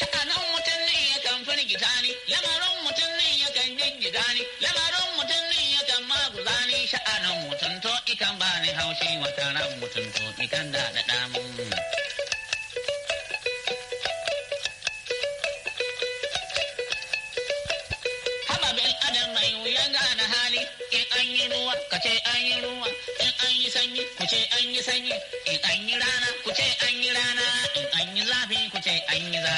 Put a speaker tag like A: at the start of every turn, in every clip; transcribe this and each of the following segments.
A: Sha'anin mutum ne yakan firgita ni, lamarin mutum ne yakan jingita ni, lamarin mutum ne yakan maguza ni, sha'anin mutum to ikan ba ni haushi wata ran mutum to ikan da da damun. adam mai wuya hali, in an yi ruwa, ka ce ruwa, in an yi sanyi, ku ce an yi sanyi,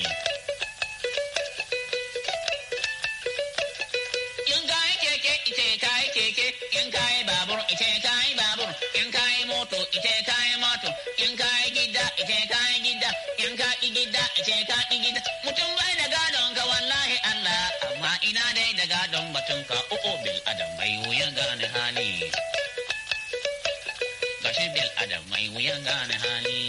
A: ka keke ite keke, in ka babur ite babur, in moto ite in ka gida gida, Mutum bai da gadon ka wallahi Allah, amma ina dai da gadon batun ka o'o oh, oh, bil hali. Gashi bil adam bai wuyan gane hali.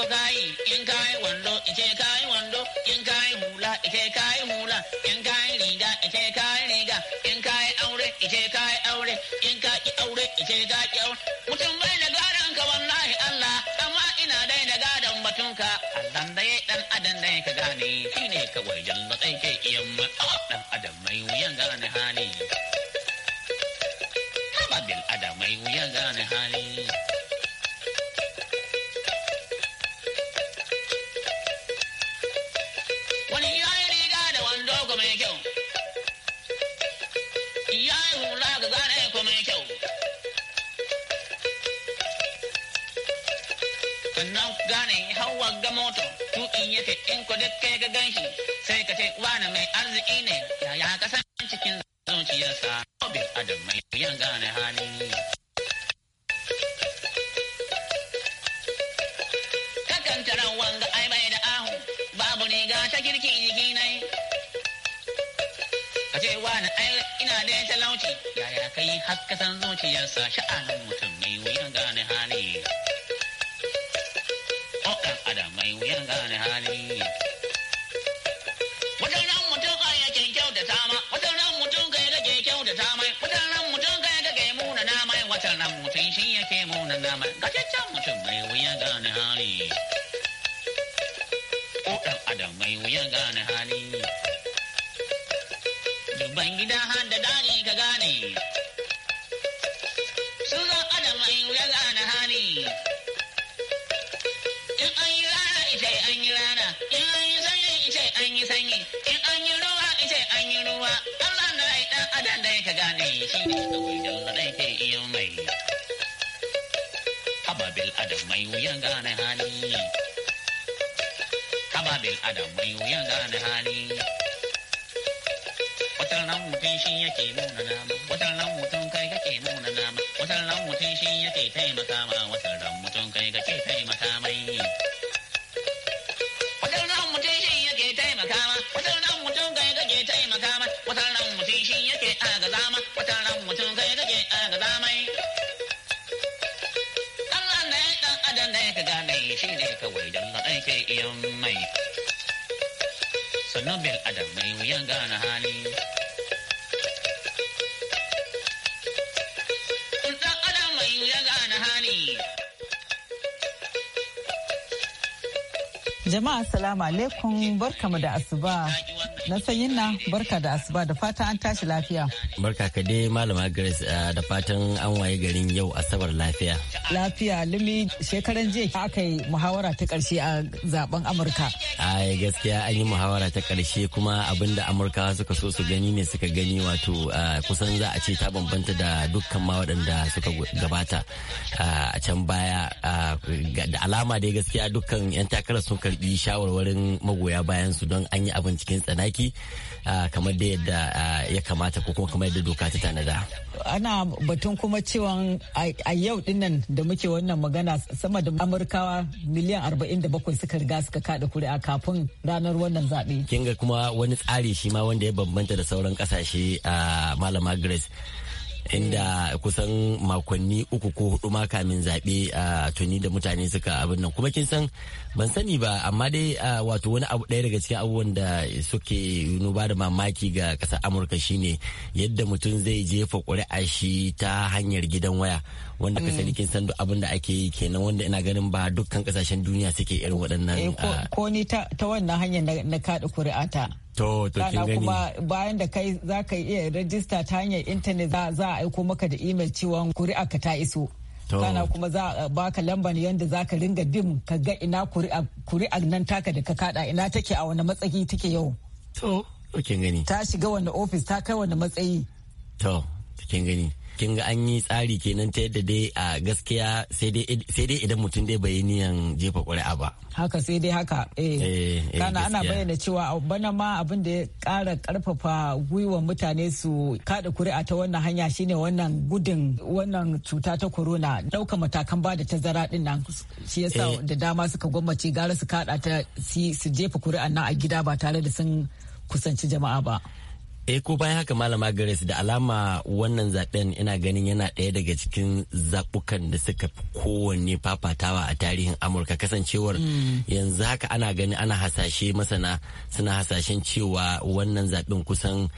A: ko kayi in kayi wando ice kayi wando in kayi hula ice kai hula in kayi riga ice kayi riga in kayi aure ice kayi aure in ka ki aure aure mutum bai da gadon ka wallahi Allah amma ina dai da gadon batun ka Allah dai dan adam dai ka gane shine kawai jalla ke iyan dan ah, adam mai wuyan gane ha Gajajen mutum mai wuya gane hali. Ko ɗan adam mai wuya gane hali. Duban gida har dani ka gane. yin gane hali.
B: Jama'a salamu alaikum barkamu da asuba. Na sanyin na barka da asuba da fata an tashi lafiya.
C: Barka ka dai Malama Grace ah, da fatan an waye garin yau Asabar lafiya.
B: Lafiya limi shekaran jiya aka yi muhawara ta ƙarshe a zaben Amurka.
C: ai gaskiya an yi muhawara ta karshe kuma abinda amurkawa suka so su gani ne suka gani wato kusan za a ce ta bambanta da dukkan ma waɗanda suka gabata a can baya da alama dai gaskiya dukkan 'yan takarar sun karbi shawarwarin magoya bayan su don an yi abin cikin tsanaki kamar da yadda ya kamata ko kuma kamar yadda doka ta tanada
B: ana batun kuma cewa a yau dinnan da muke wannan magana sama da amurkawa miliyan 47 suka riga suka kada kuri'a kafin ranar wannan zaɓe.
C: Kinga kuma wani tsari shi ma wanda ya bambanta da sauran ƙasashe a ah, Malama Grace. inda kusan makonni uku ko hudu ma kamin zaɓe a tuni da mutane suka abin nan kuma kin san ban sani ba amma dai wato wani abu ɗaya daga cikin abubuwan da suke ba da mamaki ga ƙasar amurka shine yadda mutum zai jefa ƙuri'a shi ta hanyar gidan waya wanda ka mm. kin san duk abin da ake yi kenan wanda ina ganin ba dukkan ƙasashen duniya suke irin waɗannan eh,
B: ko ni ta wannan hanyar na kaɗa ƙuri'a ta
C: To, to kin gani. kuma
B: bayan da kai za ka iya rajista ta hanyar intanet za a aiko maka da imel cewa kuri'a ka ta iso. Kana kuma za a baka lambar yadda za ka ringa bin ka ga ina kuri'a nan taka da ka kada ina take a wani matsayi take yau.
C: To, kin gani. Ta
B: shiga wani ofis ta kai wani matsayi.
C: To, kin gani. kin ga an yi tsari kenan ta yadda dai a gaskiya sai dai idan mutum dai bai niyan jefa ƙuri'a ba
B: haka sai dai haka eh, eh, eh kana ana bayyana cewa bana ma abin da ya ƙara ƙarfafa gwiwar mutane su kada ƙuri'a ta wannan hanya shine wannan gudun wannan cuta ta corona ɗauka matakan ba da tazara din nan shi yasa eh. da dama suka gwammace gara su kada ta su jefa ƙuri'a nan a gida ba tare da sun kusanci jama'a ba
C: eh ko bayan haka malama Grace da alama wannan zaben ina ganin yana ɗaya daga cikin zaɓukan da suka fi kowanne fafatawa a tarihin amurka kasancewar mm. yanzu haka ana gani ana hasashe masana suna hasashen cewa wannan zaben kusan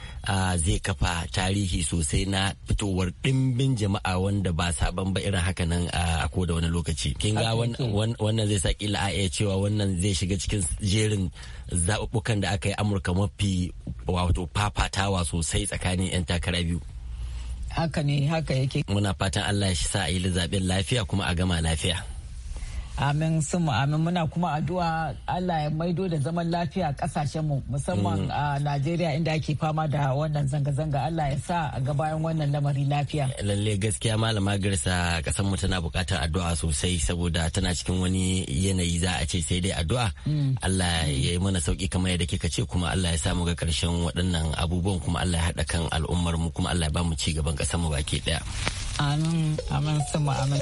C: zai kafa tarihi sosai na fitowar ɗimbin jama'a wanda ba saban ba irin haka nan a ko da wani lokaci kin ga wannan zai sa kila a iya cewa wannan zai shiga cikin jerin zaɓuɓɓukan da aka yi amurka mafi wato fafata fafatawa sosai tsakanin 'yan takara biyu haka ne haka yake muna fatan allah shi sa a yi lafiya kuma a gama lafiya
B: Amin sun amin muna kuma addu'a Allah ya maido da zaman lafiya kasashen mu musamman mm. a Najeriya inda ake fama da wannan zanga-zanga Allah ya sa a gabayan wannan lamari lafiya.
C: Lalle gaskiya malama garsa kasan mu tana bukatar addu'a sosai saboda tana cikin wani yanayi za a ce sai dai addu'a. Mm. Allah ya yi mana sauki kamar yadda kika ce kuma Allah ya sa mu ga karshen waɗannan abubuwan kuma Allah ya haɗa kan al'ummar mu kuma Allah ya ba mu ci gaban kasan mu baki ɗaya.
A: Amin amin sama amin.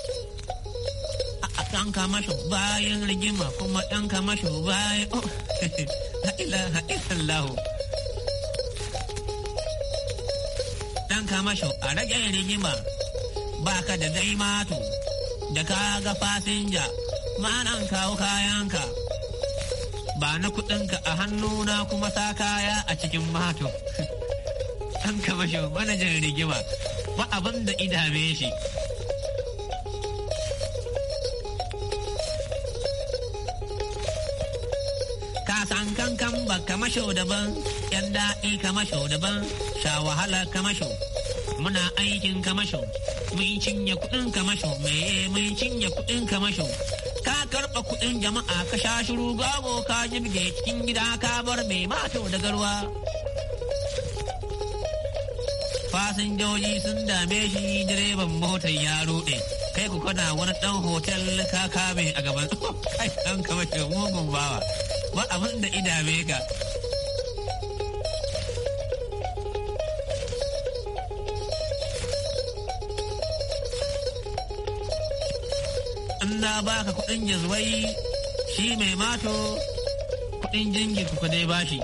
A: ɗan kama shi bayan rigima kuma ɗan kama shi bayan oh ha ila ɗan kama shi a rage rigima baka da zai matu da ka ga fasinja ma'anan kawo kayanka ba na kuɗinka a hannuna kuma sa kaya a cikin mato. ɗan kama shi manajan rigima ba abinda da idame shi ba kamasho daban yan da'i kamasho daban sha wahala kamasho muna aikin kamasho mun cinye kuɗin kamasho me mun cinye kuɗin kamasho ka karɓa kuɗin jama'a ka sha shiru gago ka jibge cikin gida ka bar mai mato da garwa fasinjoji sun dame shi direban motar ya ruɗe kai ku kana wani ɗan hotel ka kame a gaban kai ɗan shau mugun bawa ba abin da idame ka in na baka kuɗin jazwai shi mai mato kuɗin jingir ku dai bashi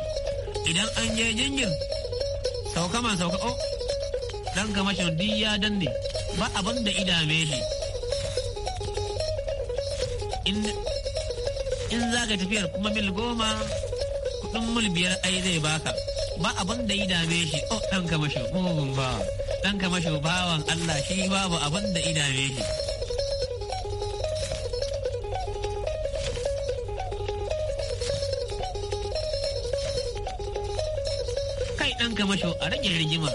A: idan an je jingir sauka man sauka o oh, ga kamashin duk ya danne ba abin da idame shi in za ka tafiyar kuma mil goma kudin mil biyar ai zai baka ba abin da ya dame shi oh dan ka mashi mugun ba dan ka mashi bawan Allah shi babu abin da ya dame shi kai dan ka mashi a rage rigima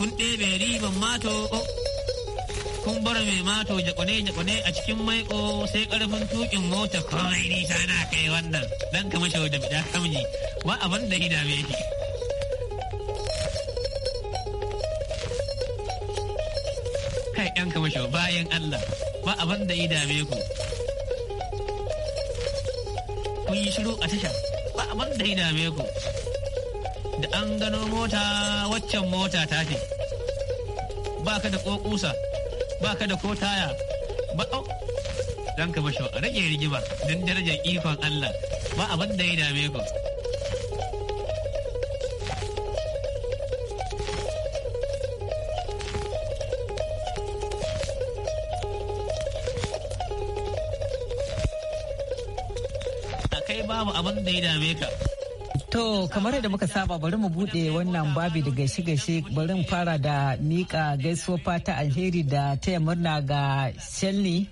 A: kun ɗebe riban mato oh kun bar mai mato jakone-jakone a cikin maiko sai karfin tukin mota komai nisa na kai wannan dan kama Shau da bida kamji ba abin da hida mai yake kai yan kama shi bayan Allah ba abin da hida mai ku kun yi shiru a tasha ba abin da hida mai ku da an gano mota waccan mota ta ce ba ka da ƙoƙusa. baka ka da ko taya ba au dan ka a rage rigima don darajar ikon Allah ba abin da ya dame ku kai babu abin da ya dame ka
B: To kamar yadda muka saba bari mu bude wannan babi da gaishe-gaishe bari mu fara da mika gaisuwa fata alheri da taya murna ga Shelly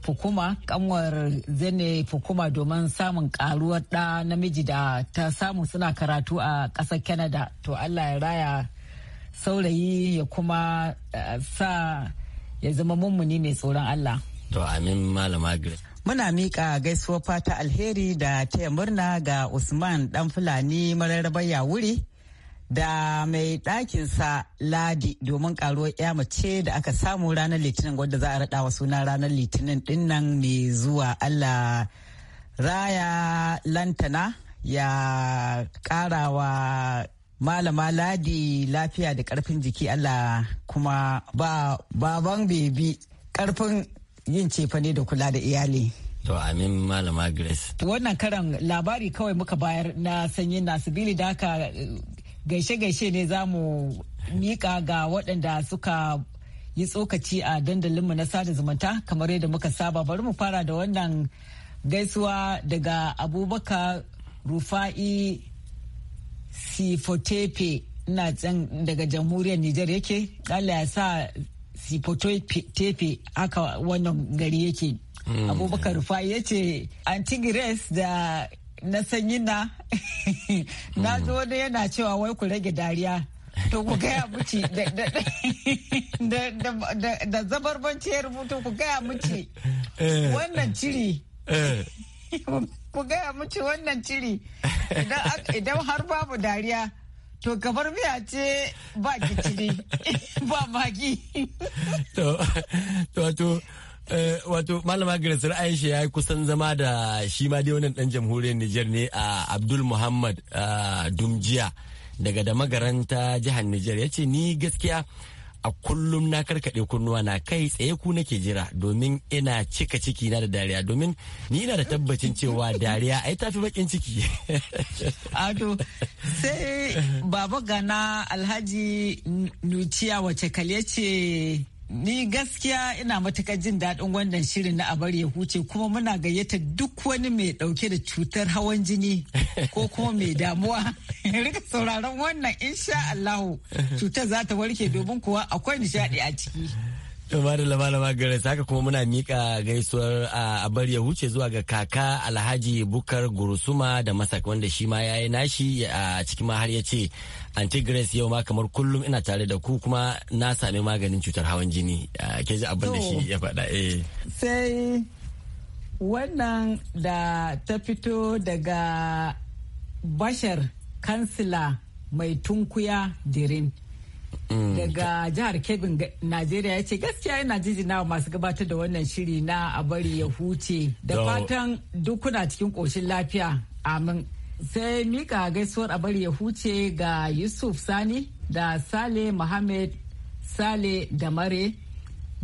B: Fukuma kanwar zane Fukuma domin samun karuwar ɗa namiji da ta samu suna karatu a ƙasar Canada. To Allah ya raya saurayi ya kuma eh, sa ya zama mummuni mai tsoron Allah.
C: To amin malama Grace.
B: Muna miƙa gaisuwar fata alheri da taya murna ga Usman dan Fulani ya wuri da mai ɗakinsa Ladi domin karuwar ya mace da aka samu ranar Litinin wadda za a raɗa wa suna ranar Litinin ɗinnan mai zuwa Allah raya lantana ya ƙarawa malama ladi lafiya da karfin jiki Allah kuma ba baban bebi karfin yin cefane da kula da iyali.
C: To amin malama Grace.
B: Wannan karan labari kawai muka bayar na sanyin nasibili da haka eh, gaishe-gaishe ne za mu mika ga waɗanda suka yi tsokaci a dandalinmu na sada zumunta kamar yadda muka saba bari mu fara da wannan gaisuwa daga abubakar rufa'i sifotepe na daga jamhuriyar Nijar yake Allah ya sa tefe aka wannan gari yake mm. abubakar rufa ya ce antigres da na sanyi na na mm. zo wani yana cewa wai ku rage dariya to ku gaya muci da zabarbanci ya rubutu ku gaya muci eh. wannan ciri eh. ku gaya muci wannan ciri idan har babu dariya To kamar miya ce ba giciri ba magi.
C: To wato eh, wato malama Grace Aisha ya yi kusan zama da shi ma dai wannan dan jamhuriyar Nijar ne a Abdul Muhammad Dumjiya daga da magaranta jihar Nijar ya ce ni gaskiya a kullum na karkaɗe kunnuwa na kai tsaye ku nake jira domin ina cika ciki na da dariya domin ni na da tabbacin cewa dariya ai tafi bakin ciki ado sai baba gana
B: alhaji nuciya wace kale ce Ni gaskiya ina matuƙar jin daɗin wannan shirin na abar ya huce kuma muna gayyata duk wani mai ɗauke da cutar hawan jini ko kuma mai damuwa. Rika sauraron wannan insha Allahu cutar za ta warke domin kuwa akwai nishaɗi a ciki.
C: da Madalla Malama ta haka kuma muna mika gaisuwar a bar ya huce zuwa ga kaka Alhaji Bukar Gurusuma da Masak wanda shi ma yayi nashi a cikin ma har ya ce Aunty yau ma kamar kullum ina tare da ku kuma na sami maganin cutar hawan jini ke ji abin da shi ya faɗa eh.
B: Sai wannan da ta fito daga Bashar kansila mai tunkuya dirin. Mm. daga jihar Kebbi Najeriya ya ce gaskiya yana jijina masu gabatar da wannan shiri na a bari ya huce da fatan duk kuna cikin koshin lafiya amin sai mika gaisuwar a bari ya huce ga Yusuf Sani da Sale Muhammad Sale da Mare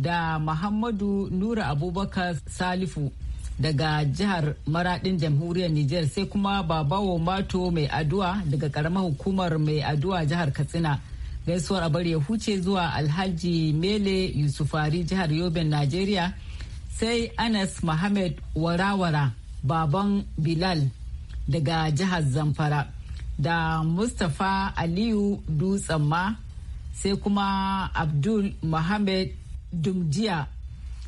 B: da Muhammadu Nura Abubakar Salifu daga jihar maradin jamhuriyar niger sai kuma babawo mato mai addu'a daga karamar hukumar mai addu'a jihar Katsina. gaisuwar abar ya huce zuwa alhaji mele yusufari jihar yoben najeriya sai anas mohammed warawara baban bilal daga jihar zamfara da mustapha aliyu dutsen ma sai kuma abdul mohammed dumjiya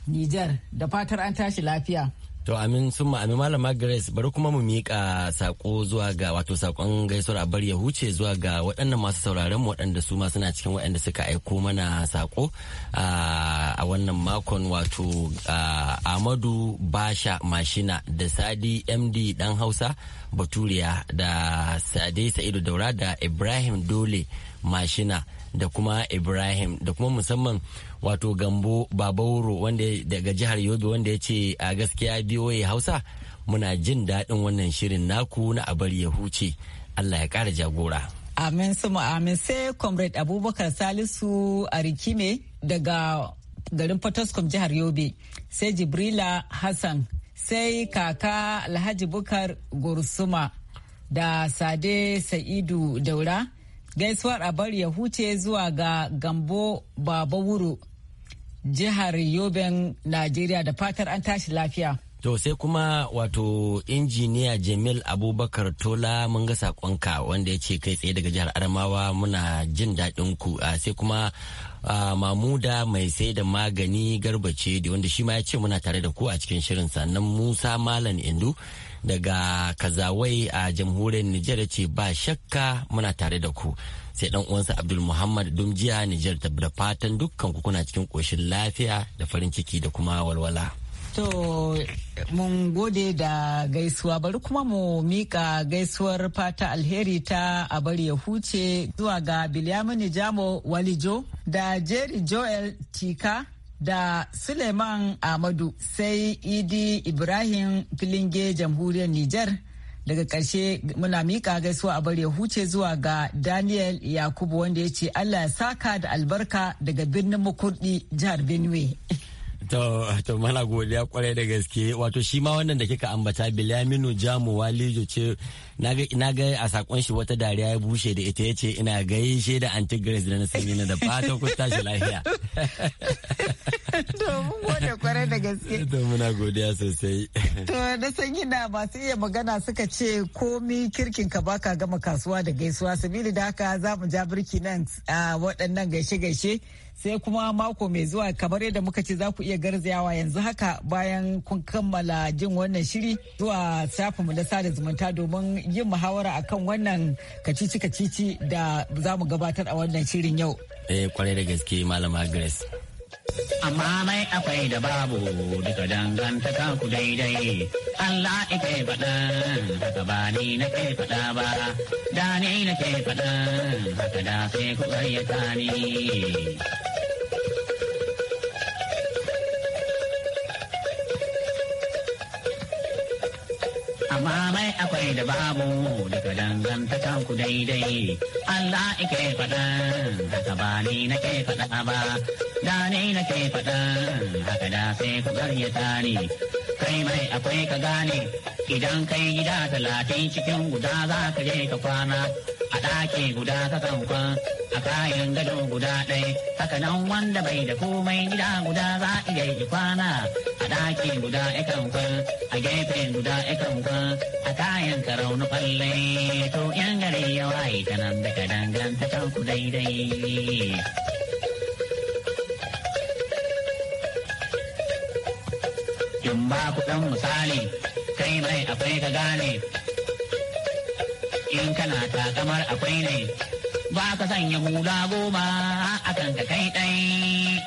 B: nijar da fatar an tashi lafiya
C: To amin sun ma'ami malama Grace bari kuma mu miƙa sako zuwa ga wato sakon gaisuwar a bari ya huce zuwa ga waɗannan masu sauraron mu waɗanda su ma suna cikin waɗanda suka aiko mana sako a wannan makon wato Amadu Basha Mashina da Sadi MD dan Hausa Baturiya da Sade Sa'idu Daura da Ibrahim Dole Mashina da kuma Ibrahim da kuma musamman wato gambo babauro wanda daga jihar yobe wanda ya ce a gaskiya biyo ya hausa muna jin daɗin wannan shirin naku na abar ya huce allah ya ƙara jagora
B: amin sama amin sai comrade abubakar salisu a rikime daga garin potoscom jihar yobe sai jibrila hassan sai kaka alhaji bukar gursuma da sade sa'idu daura gaisuwar abar ya huce zuwa ga gambo baba wuro jihar Yoben, Najeriya da fatar an tashi lafiya.
C: To sai kuma wato injiniya Jamil Abubakar Tola mun ga sakonka wanda ya ce kai tsaye daga jihar Adamawa muna jin daɗin ku sai kuma Mamuda mai sai da magani garbace da wanda shi ma ya ce muna tare da ku a cikin shirin sannan Musa Malam Indu daga Kazawai a jamhuriyar Nijar ce ba shakka muna tare da ku. sai dan uwansa abdul muhammad dumjiya nijar da fatan dukkan ku kuna cikin koshin lafiya da farin ciki da kuma walwala
B: To mun gode da gaisuwa bari kuma mu mika gaisuwar fata alheri ta a bari ya huce zuwa ga Bilyamini Jamo Walijo da Jerry Joel Tika da Suleiman Ahmadu sai Idi Ibrahim Filinge Jamhuriyar Nijar. daga ƙarshe muna miƙa gaisuwa a bare huce zuwa ga daniel yakubu wanda ya ce allah ya saka da albarka daga birnin mukurdi jihar benue
C: To, mana godiya kwarai da gaske wato shi ma wannan da kika ambata Bilaminu Jamu Walijo ce na ga a sakon shi wata dariya ya bushe da ita yace ina gaishe da Aunty Grace da na sanyi na da fatan ku tashi lafiya. To mun gode kwarai da gaske. To muna godiya sosai.
B: To na sanyi na masu iya magana suka ce komi kirkin ka baka gama kasuwa da gaisuwa sabili da haka za mu ja birki nan waɗannan gaishe-gaishe. sai kuma mako mai zuwa kamar yadda muka ce za ku iya garzayawa yanzu haka bayan kun kammala jin wannan shiri zuwa shafinmu na sada zumunta domin yin muhawara akan wannan kacici kacici da za mu gabatar a wannan
C: shirin yau. Eh kwarai da gaske malama Grace. amma mai akwai da babu duka dangantaka ku daidai Allah ike faɗa
A: haka ba ni na ke faɗa ba da ni na ke faɗa haka da sai ku ƙaryata ni. amma mai akwai da babu duka dangantaka ku daidai Allah ike faɗa haka ba ni nake faɗa ba da ni nake faɗa haka da sai ku ni kai mai akwai ka gane idan kai gida talatin cikin guda za ka je ka kwana a ɗaki guda ka kan a kayan gado guda ɗai haka nan wanda bai da komai gida guda za a iya yi kwana a ɗaki guda ikan kwan a gefe guda ikan kwan a kayan karau na falle to yan gari yawa waye ta nan da ka danganta ku daidai. in ba ku dan misali kai mai akwai ka gane in kana takamar akwai ne ba ka sanya hula goma a kan ka kai ɗai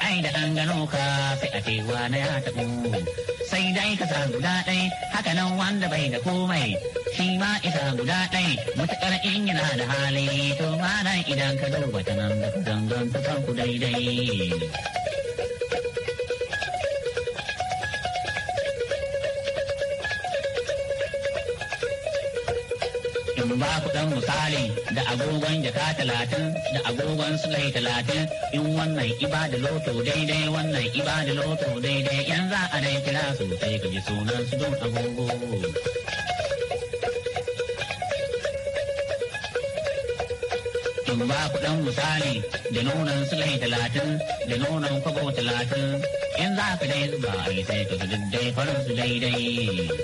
A: ai da an gano ka sai a cewa na ya taɓu sai dai ka sa guda ɗai haka nan wanda bai da komai shi ma isa guda ɗai mutuƙar in yana da hali to ma idan ka duba ta nan da ku dangan ta ku daidai. ba misali da agogon jaka talatin da agogon sulai talatin in wannan iba da loto daidai wannan iba da loto daidai yan za a dai kira su sai ka bi sunan su don agogo. ba ku dan misali da nonon sulai talatin da nonon kwabo talatin in za ka dai zuba sai ka su daidai farin su daidai.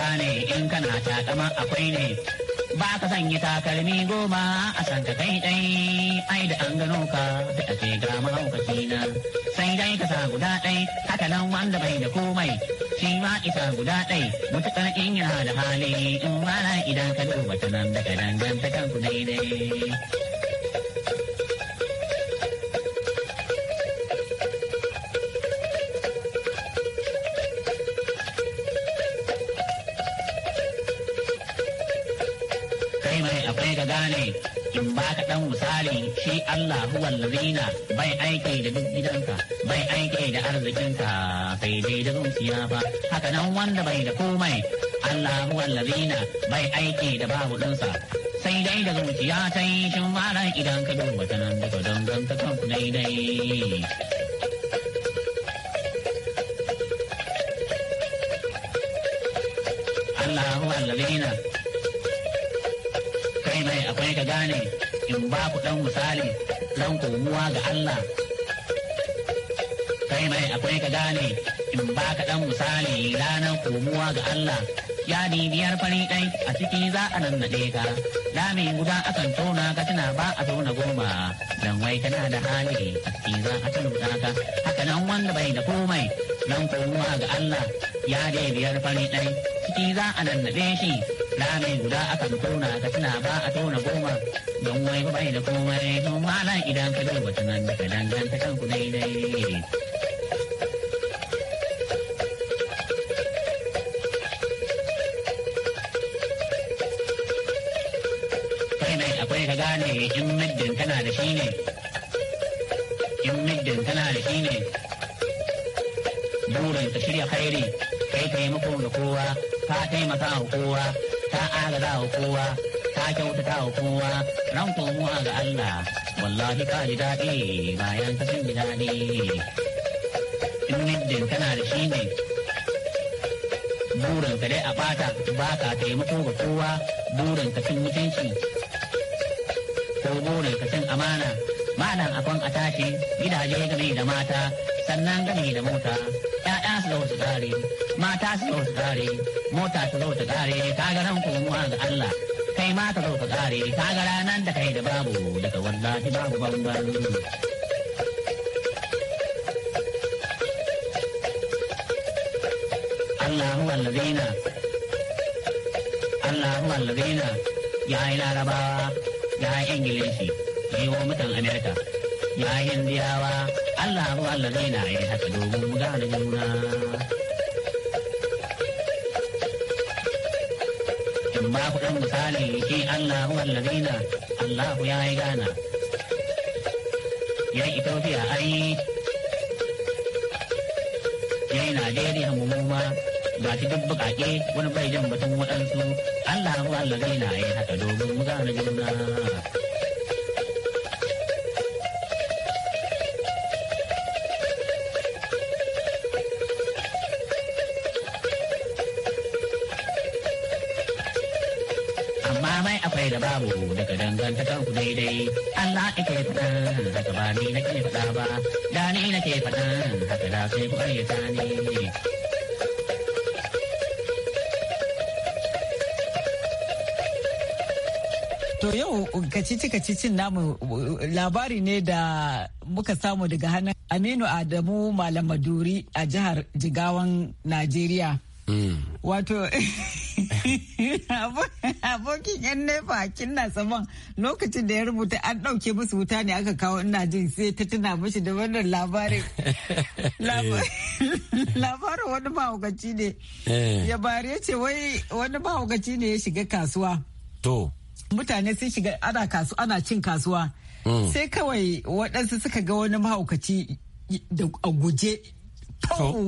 A: gane in kana takama akwai ne ba ka sanya takalmi goma a san ka kai dai ai da an gano ka da ake ga mahaukaci na sai dai ka sa guda dai haka nan wanda bai da komai shi ma isa guda dai mutakar in yana da hali in wala idan ka duba ta nan daga dangantakan ku daidai kai mai akwai ga gane in ba ka dan misali shi Allah huwa lazina bai aiki da duk gidanka bai aiki da arzikinka sai dai da zuciya ba haka nan wanda bai da komai Allah huwa lazina bai aiki da babu dinsa sai dai da zuciya ta yi shin mara idan ka duba ta nan daga dangan ta kan daidai Allah huwa lazina don ka gane in ba ku ɗan misali ɗan komuwa ga Allah. Kai mai akwai ka gane in ba ka ɗan misali ranar komuwa ga Allah. Yadi biyar fari ɗai a ciki za a nan nannaɗe ka. Dami guda akan tona ka tana ba a tona goma. Dan wai kana da hali a ciki za a tuna ka. Haka nan wanda bai da komai dan komuwa ga Allah. Yadi biyar fari ɗai ciki za a nan nannaɗe shi. rami guda aka tauna ka tuna ba a tauna goma don wai ba bai da komai don malam idan ka duba tunan da ka danganta kanku daidai. akwai ka gane in middin tana da shi ne in middin tana da shi ne burin ka shirya khairi kai taimako da kowa ka taimaka wa kowa ka agaza wa kowa ka kyautata wa kowa ran komuwa ga Allah wallahi ka ji daɗi bayan ka sun ji daɗi in middin kana da shi ne burinka dai a bata ba ka taimako ga kowa ka cin mutunci ko ka cin amana malam akwai a tashi gidaje game da mata sannan game da mota ya'ya su zo su mata su zo su mota su zo su ka ga ran komuwa ga Allah kai ma ka zo ka ga kaga ranan da kai da babu daga wallahi babu bamban Allah huwa Allahu Allah huwa ya yi rabawa ya ingilishi yo mutan amerika ya hindiyawa allah abu allah zai na yi haka domin mu gane juna in ba ku ɗan misali shi allah abu allah zai na allah ya yi gana ya yi ethiopia ai ya yi najeriya mu ma ba shi duk buƙaƙe wani bai jan batun waɗansu allah abu allah zai na yi haka domin mu gane juna akwai da babu daga dangantakar ku daidai Allah ike faɗan daga ba ni ke faɗa ba da ni ke faɗan haka da sai ku ta ni.
B: To yau kacici-kacicin namu labari ne da muka samu daga hannun Aminu Adamu Malam Maduri a jihar Jigawan Najeriya. Hmm. Wato Abokin yan nefa kin na saman lokacin da ya rubuta an ɗauke musu wuta ne aka kawo ina jin sai ta tuna mashi da wannan labarin.
C: Eh.
B: Labarin wani mahaukaci ne. Eh. Ya bari ya ce wai wani mahaukaci ne ya shiga kasuwa. To. Mutane sun shiga ana kasu ana cin kasuwa. Mm. Sai kawai waɗansu suka ga wani mahaukaci da a guje.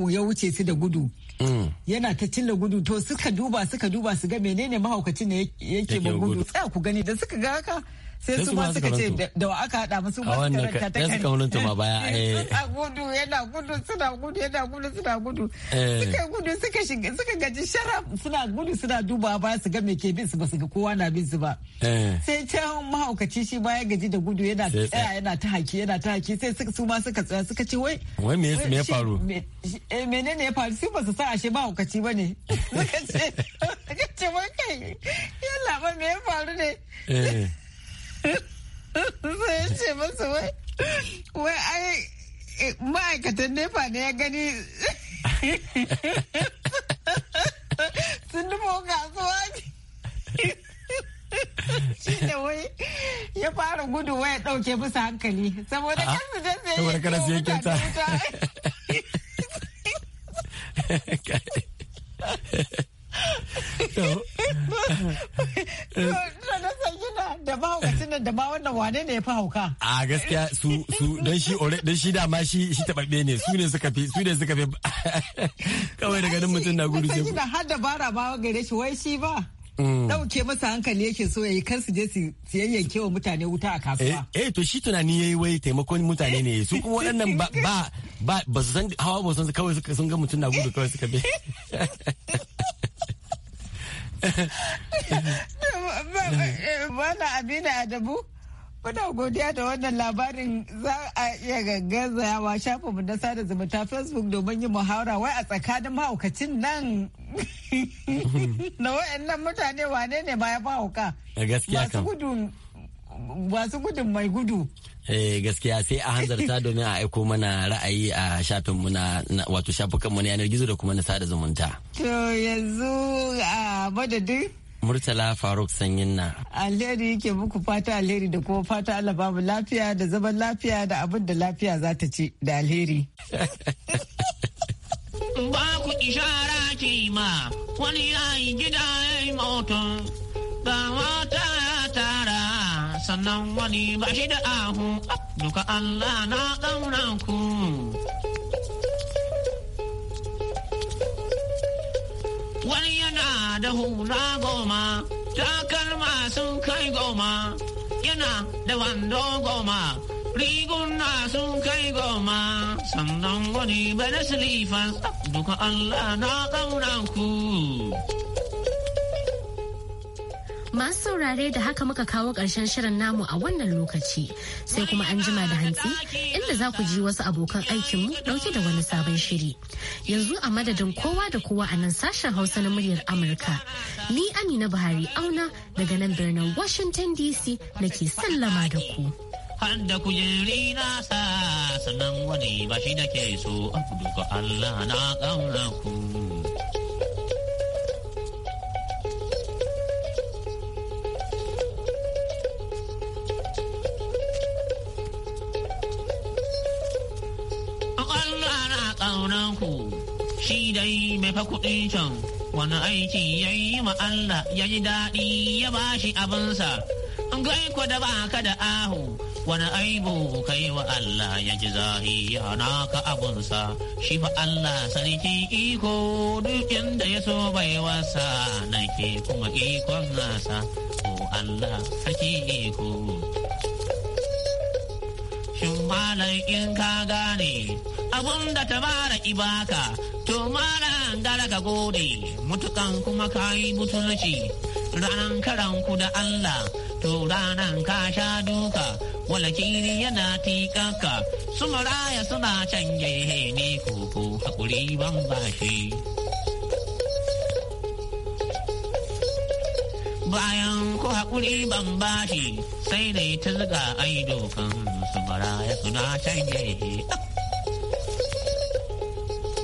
B: ya wuce su da gudu. Mm. yana ta cilla gudu to suka duba suka duba su ga menene mahaukacin ne yake ban gudu tsaya ku gani da suka ga haka sai su ma suka ce da wa aka hada musu ma suka ranta ta kan kaunin ma baya eh. a gudu yana gudu suna gudu yana gudu suna gudu eh. suka gudu suka shiga suka gaji sharaf suna gudu suna duba ba su ga me ke bin su ba su ga kowa na bin su ba eh. sai can mahaukaci shi baya gaji da gudu yana tsaya yana ta haki yana ta haki sai su ma suka tsaya suka ce wai wai me ya faru menene ya faru su ba su sa ashe mahaukaci ba ne suka ce wai kai yalla ba me ya faru ne sai ya ce masa wai wai ai eh, ma'aikatan nefa ne ya gani sun kasuwa shi da wai ya fara gudu waya ɗauke musu hankali saboda kansu jan da ba wannan wane ne ya fi hauka
C: a gaskiya su su don shi don shi dama shi shi tababbe ne su ne suka fi su ne suka fi kawai daga nan mutum na gudu sai
B: da har dabara ba gare shi wai shi ba dauke mm. masa hankali yake so yayi kar su je su yayyanke wa mutane wuta a kasuwa.
C: Eh, eh to shi tunani yayi wai taimakon mutane ne su kuma waɗannan ba ba ba su san hawa ba san kawai sun ga mutum na gudu kawai suka bi.
B: Bala eh, Amina da muna godiya da wannan labarin za a iya gaggazawa mu na sada zumunta Facebook domin yin muhawara wai a tsakanin mahaukacin nan na wayannan mutane wane ne ma ya mahauka. Eh, masu gudun mai gudu.
C: Eh, gaskiya sai a hanzarta domin a aiko mana ra'ayi a mu na wato shafukanmu na yanar gizo da kuma na sada zumunta.
B: To yanzu a madadin
C: Murtala Faruk Sanyin na.
B: Alheri yake muku fata alheri da kuma fata Allah babu lafiya da zaman lafiya da abin da lafiya za ta ci da alheri. Ba
A: ku ishara ke ma wani yayi gida ya yi motun ga mata ya tara sannan wani ba shi da ahu duka Allah na ɗaura ku. wani yana da hula goma takalma sun kai goma yana da wando goma riguna sun kai goma sannan wani bane silifan duka Allah na ƙaunanku. ku.
D: Masu saurare da haka muka kawo ƙarshen shirin namu a wannan lokaci sai kuma an jima da hantsi inda za ku ji wasu abokan aikinmu ɗauke da wani sabon shiri. Yanzu a madadin kowa da kowa a nan sashen Hausa na muryar Amurka. Ni Amina Buhari auna daga nan birnin Washington DC nake sallama da ku.
A: na sa sannan wani bashi da ke so, abu Allah na ƙaunar ku. sunanku shi dai mai fa kuɗi can wani aiki ya yi Allah ya ji daɗi ya ba shi abinsa gai ku da baka da ahu wani aibu kai wa Allah ya ji zahi ya naka abunsa shi fa Allah sarki iko duk inda ya so bai wasa nake kuma ikon nasa ko Allah sarki iko shin malam in ka gane abun da ta bara ibaka to mara gara ka gode mutukan kuma ka yi mutunci ranan karan ku da Allah to ranan ka sha duka wala kiri yana tikaka su maraya suna canje ne koko hakuri ban bashi bayan ko haƙuri ban bashi sai dai ta zuga ai dokan su maraya suna canje